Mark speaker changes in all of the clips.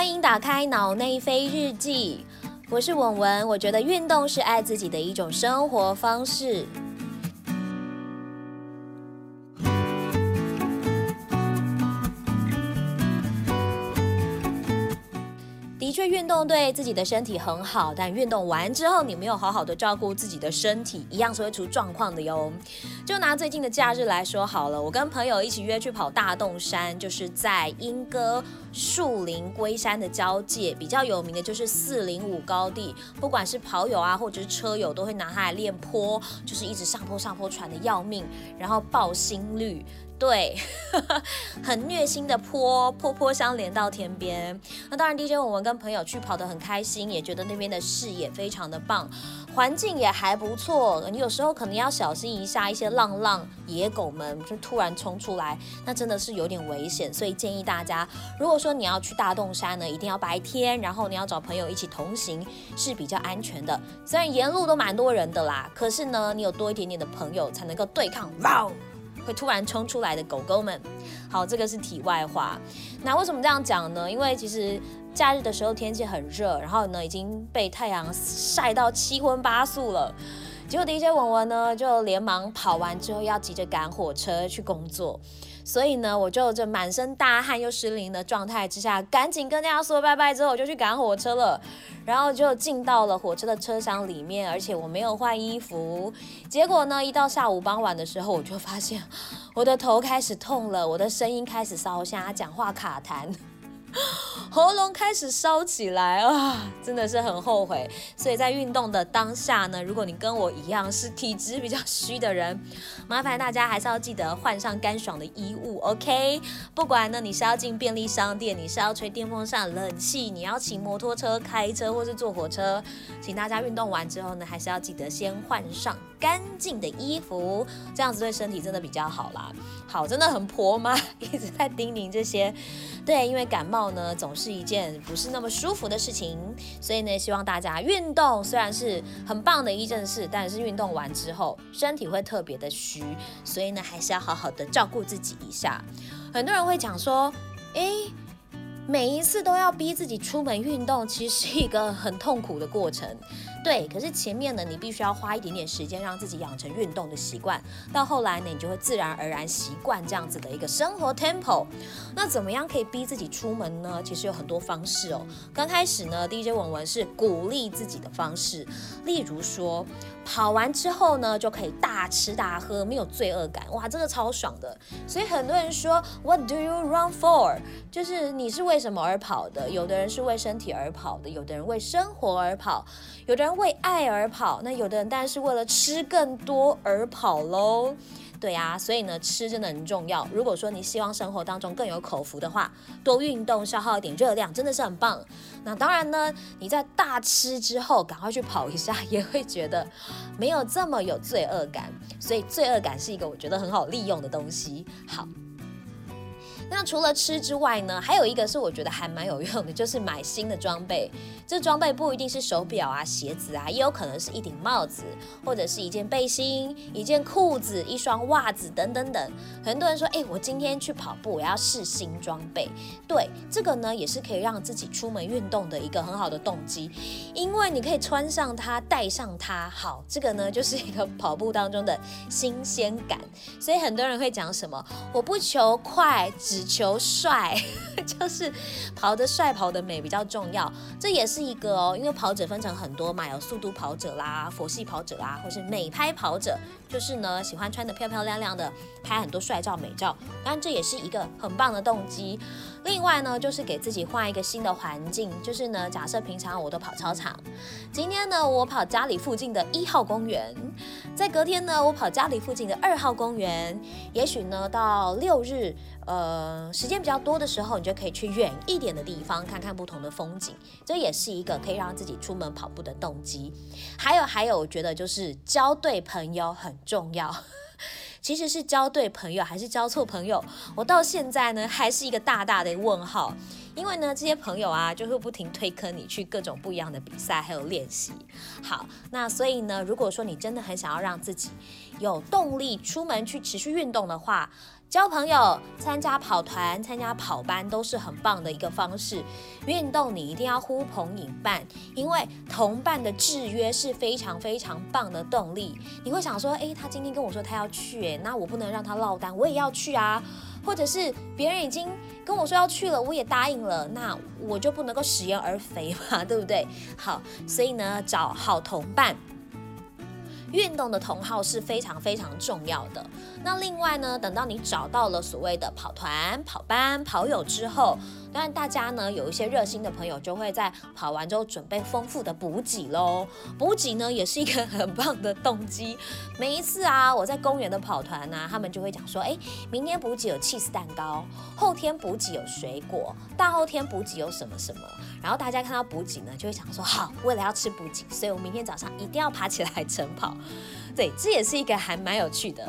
Speaker 1: 歡迎打開腦內啡日記，我是文文。我覺得運動是愛自己的一種生活方式。的確，運動對自己的身體很好，但運動完之後你沒有好好的照顧自己的身體，一樣是會出狀況的喲。就拿最近的假日來說好了，我跟朋友一起約去跑大洞山，就是在鶯歌樹林龜山的交界，比較有名的就是四零五高地，不管是跑友啊，或者是車友，都會拿它來練坡，就是一直上坡上坡喘得要命，然後爆心率。對呵呵，很虐心的坡，坡坡相連到天邊。那當然，第一天我們跟朋友去跑得很開心，也覺得那邊的視野非常的棒，環境也還不錯。你有時候可能要小心一下，一些浪浪野狗們就突然衝出來，那真的是有點危險。所以建議大家，如果說你要去大洞山呢，一定要白天，然後你要找朋友一起同行是比較安全的。雖然沿路都蠻多人的啦，可是呢，你有多一點點的朋友才能夠對抗。會突然衝出來的狗狗們，好，這個是題外話。那為什麼這樣講呢？因為其實假日的時候天氣很熱，然後呢已經被太陽曬到七葷八素了，結果的一些文文呢就連忙跑完之後要急着趕火車去工作。所以呢，我就這滿身大汗又失靈的狀態之下，趕緊跟大家說拜拜之後，我就去趕火車了。然後就進到了火車的車廂裡面，而且我沒有換衣服。結果呢，一到下午傍晚的時候，我就發現我的頭開始痛了，我的聲音開始沙啞，我講話卡痰。喉嚨開始燒起來啊，真的是很後悔。所以在運動的當下呢，如果你跟我一樣是體質比較虛的人，麻煩大家還是要記得換上乾爽的衣物，OK？不管呢你是要進便利商店，你是要吹電風扇冷氣，你要騎摩托車、開車或是坐火車，請大家運動完之後呢，還是要記得先換上乾淨的衣服，這樣子對身體真的比較好啦。好，真的很婆媽，一直在叮嚀這些，對，因為感冒。後呢，總是一件不是那麼舒服的事情，所以呢，希望大家運動雖然是很棒的一件事，但是運動完之後，身體會特別的虛，所以呢，還是要好好的照顧自己一下。很多人會講說，誒、欸。每一次都要逼自己出門運動，其實是一個很痛苦的過程。對，可是前面呢，你必須要花一點點時間讓自己養成運動的習慣，到後來呢，你就會自然而然習慣這樣子的一個生活 tempo。那怎麼樣可以逼自己出門呢？其實有很多方式哦、喔。剛開始呢，DJ 文文是鼓勵自己的方式，例如說，跑完之後呢，就可以大吃大喝，沒有罪惡感，哇，這個超爽的。所以很多人說，What do you run for？就是你是為為什麼而跑的？有的人是為身體而跑的，有的人為生活而跑，有的人為愛而跑。那有的人當然是為了吃更多而跑嘍。對呀，啊，所以呢，吃真的很重要。如果說你希望生活當中更有口福的話，多運動，消耗一點熱量，真的是很棒。那當然呢，你在大吃之後趕快去跑一下，也會覺得沒有這麼有罪惡感。所以罪惡感是一個我覺得很好利用的東西。好。那除了吃之外呢，還有一個是我覺得還蠻有用的，就是買新的裝備。這裝備不一定是手表啊、鞋子啊，也有可能是一頂帽子，或者是一件背心、一件褲子、一雙襪子等等等。很多人說：“欸，我今天去跑步，我要試新裝備。”對，這個呢也是可以讓自己出門運動的一個很好的動機，因為你可以穿上它，戴上它。好，這個呢就是一個跑步當中的新鮮感。所以很多人會講什麼：“我不求快，只”只求帥，就是跑得帥，跑得美比較重要，這也是一個哦。因為跑者分成很多嘛，有速度跑者啦，佛系跑者啦，或是美拍跑者，就是呢喜歡穿得漂漂亮亮的，拍很多帥照美照。當然這也是一個很棒的動機。另外呢，就是給自己換一個新的環境，就是呢，假設平常我都跑操場，今天呢我跑家裡附近的一號公園。在隔天呢，我跑家裡附近的二號公園。也許呢，到六日，呃，時間比較多的時候，你就可以去遠一點的地方看看不同的風景。這也是一個可以讓自己出門跑步的動機。還有還有，我覺得就是交對朋友很重要。其實是交對朋友還是交錯朋友，我到現在呢還是一個大大的問號。因為呢，這些朋友啊，就會不停推坑你去各種不一樣的比賽，還有練習。好，那所以呢，如果說你真的很想要讓自己有動力出門去持續運動的話，交朋友、參加跑團、參加跑班都是很棒的一個方式。運動你一定要呼朋引伴，因為同伴的制約是非常非常棒的動力。你會想說，哎，欸，他今天跟我說他要去，欸，那我不能讓他落單，我也要去啊。或者是別人已經跟我說要去了，我也答應了，那我就不能夠食言而肥嘛，對不對？好，所以呢，找好同伴，運動的同好是非常非常重要的。那另外呢，等到你找到了所謂的跑團、跑班、跑友之後。當然，大家呢有一些熱心的朋友就會在跑完之後準備豐富的補給咯。補給呢也是一個很棒的動機。每一次啊，我在公園的跑團呢、啊，他們就會講說，哎、欸，明天補給有 cheese 蛋糕，後天補給有水果，大後天補給有什麼什麼。然後大家看到補給呢，就會想說，好，為了要吃補給，所以我明天早上一定要爬起來晨跑。對，這也是一個還蠻有趣的。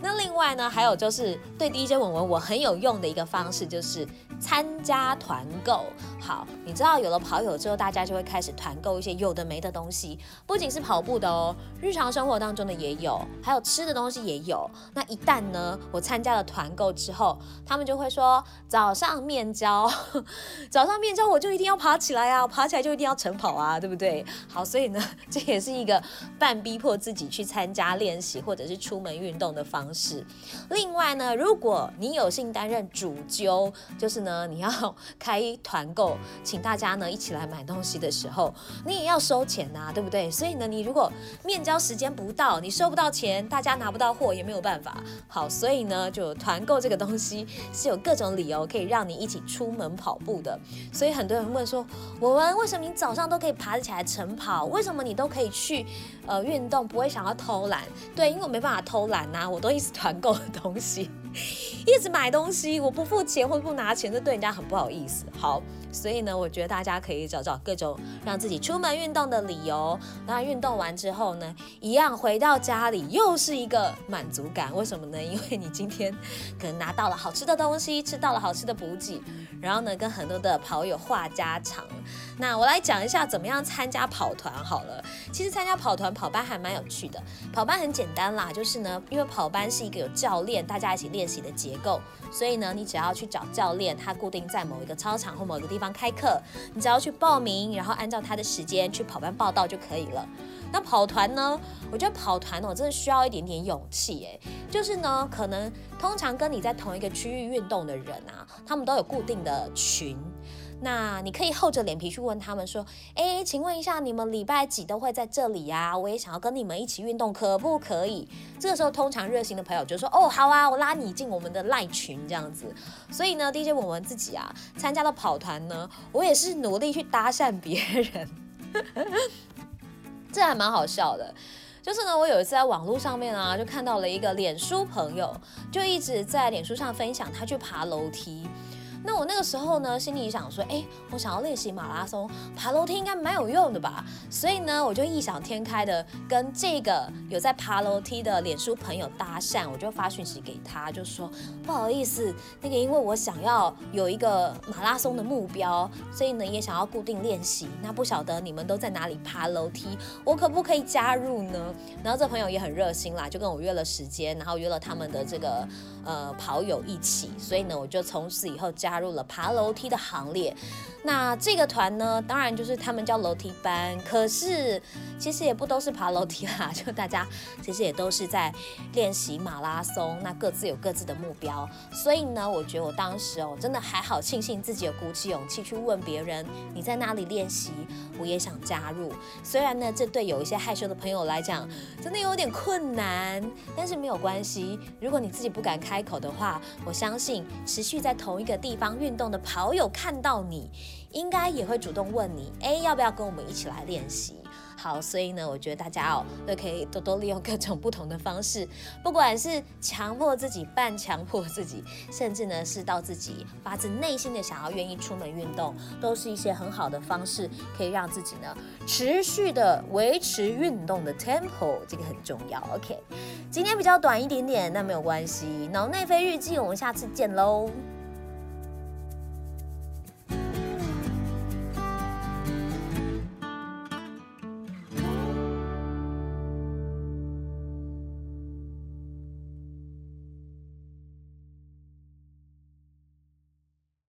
Speaker 1: 那另外呢，還有就是對 DJ 文文我很有用的一個方式，就是參加團購。好，你知道有了跑友之後，大家就會開始團購一些有的沒的東西，不僅是跑步的哦，日常生活當中的也有，還有吃的東西也有。那一旦呢，我參加了團購之後，他們就會說早上面交，早上面交 我就一定要爬起來啊，我爬起來就一定要晨跑啊，對不對？好，所以呢，這也是一個半逼迫自己去參加練習或者是出門運動的方式。是，另外呢，如果你有幸擔任主揪，就是呢，你要開團購，請大家呢一起來買東西的時候，你也要收錢吶、啊，對不對？所以呢，你如果面交時間不到，你收不到錢，大家拿不到貨也沒有辦法。好，所以呢，就團購這個東西是有各種理由可以讓你一起出門跑步的。所以很多人問說，我們為什麼你早上都可以爬得起來晨跑？為什麼你都可以去呃運動，不會想要偷懶？對，因為我沒辦法偷懶吶、啊，我都。一直團購的東西， 一直買東西，我不付錢或不拿錢，這對人家很不好意思。好。所以呢，我覺得大家可以找找各種讓自己出門運動的理由。那運動完之後呢，一樣回到家裡又是一個滿足感。為什麼呢？因為你今天可能拿到了好吃的東西，吃到了好吃的補給，然後呢，跟很多的跑友話家常。那我來講一下怎麼樣參加跑團好了。其實參加跑團跑班還蠻有趣的。跑班很簡單啦，就是呢，因為跑班是一個有教練大家一起練習的結構，所以呢，你只要去找教練，他固定在某一個操場或某一個地方。開課，你只要去報名，然後按照他的時間去跑班報到就可以了。那跑團呢？我覺得跑團我真的需要一點點勇氣哎。就是呢，可能通常跟你在同一個區域運動的人啊，他們都有固定的群。那你可以厚着臉皮去問他們說，哎，請問一下，你們禮拜幾都會在這裡呀？我也想要跟你們一起運動，可不可以？這個時候，通常熱心的朋友就說，哦，好啊，我拉你進我們的賴群這樣子。所以呢，DJ 我們自己啊，參加了跑團呢，我也是努力去搭訕別人， 這還蠻好笑的。就是呢，我有一次在網絡上面啊，就看到了一個臉書朋友，就一直在臉書上分享他去爬樓梯。那我那個時候呢，心裡想說，哎，我想要練習馬拉松，爬樓梯應該蠻有用的吧？所以呢，我就異想天開的跟這個有在爬樓梯的臉書朋友搭訕，我就發訊息給他，就說不好意思，那個因為我想要有一個馬拉松的目標，所以呢也想要固定練習。那不曉得你們都在哪裡爬樓梯，我可不可以加入呢？然後這朋友也很熱心啦，就跟我約了時間，然後約了他們的這個呃跑友，一起。所以呢，我就從此以後加入，加入了爬樓梯的行列，那這個團呢，當然就是他們叫樓梯班。可是其實也不都是爬樓梯啦，啊，就大家其實也都是在練習馬拉松。那各自有各自的目標，所以呢，我覺得我當時哦，真的還好，慶幸自己有鼓起勇，哦、氣去問別人：“你在哪裡練習？”我也想加入。雖然呢，這對有一些害羞的朋友來講，真的有點困難。但是沒有關係，如果你自己不敢開口的話，我相信持續在同一個地方運動的跑友看到你，應該也會主動問你，哎，要不要跟我們一起來練習？好，所以呢，我覺得大家哦，都可以多多利用各種不同的方式，不管是強迫自己、半強迫自己，甚至呢是到自己發自內心的想要、願意出門運動，都是一些很好的方式，可以讓自己呢持續的維持運動的 tempo，這個很重要。OK，今天比較短一點點，那沒有關係。腦內啡日記，我們下次見嘍。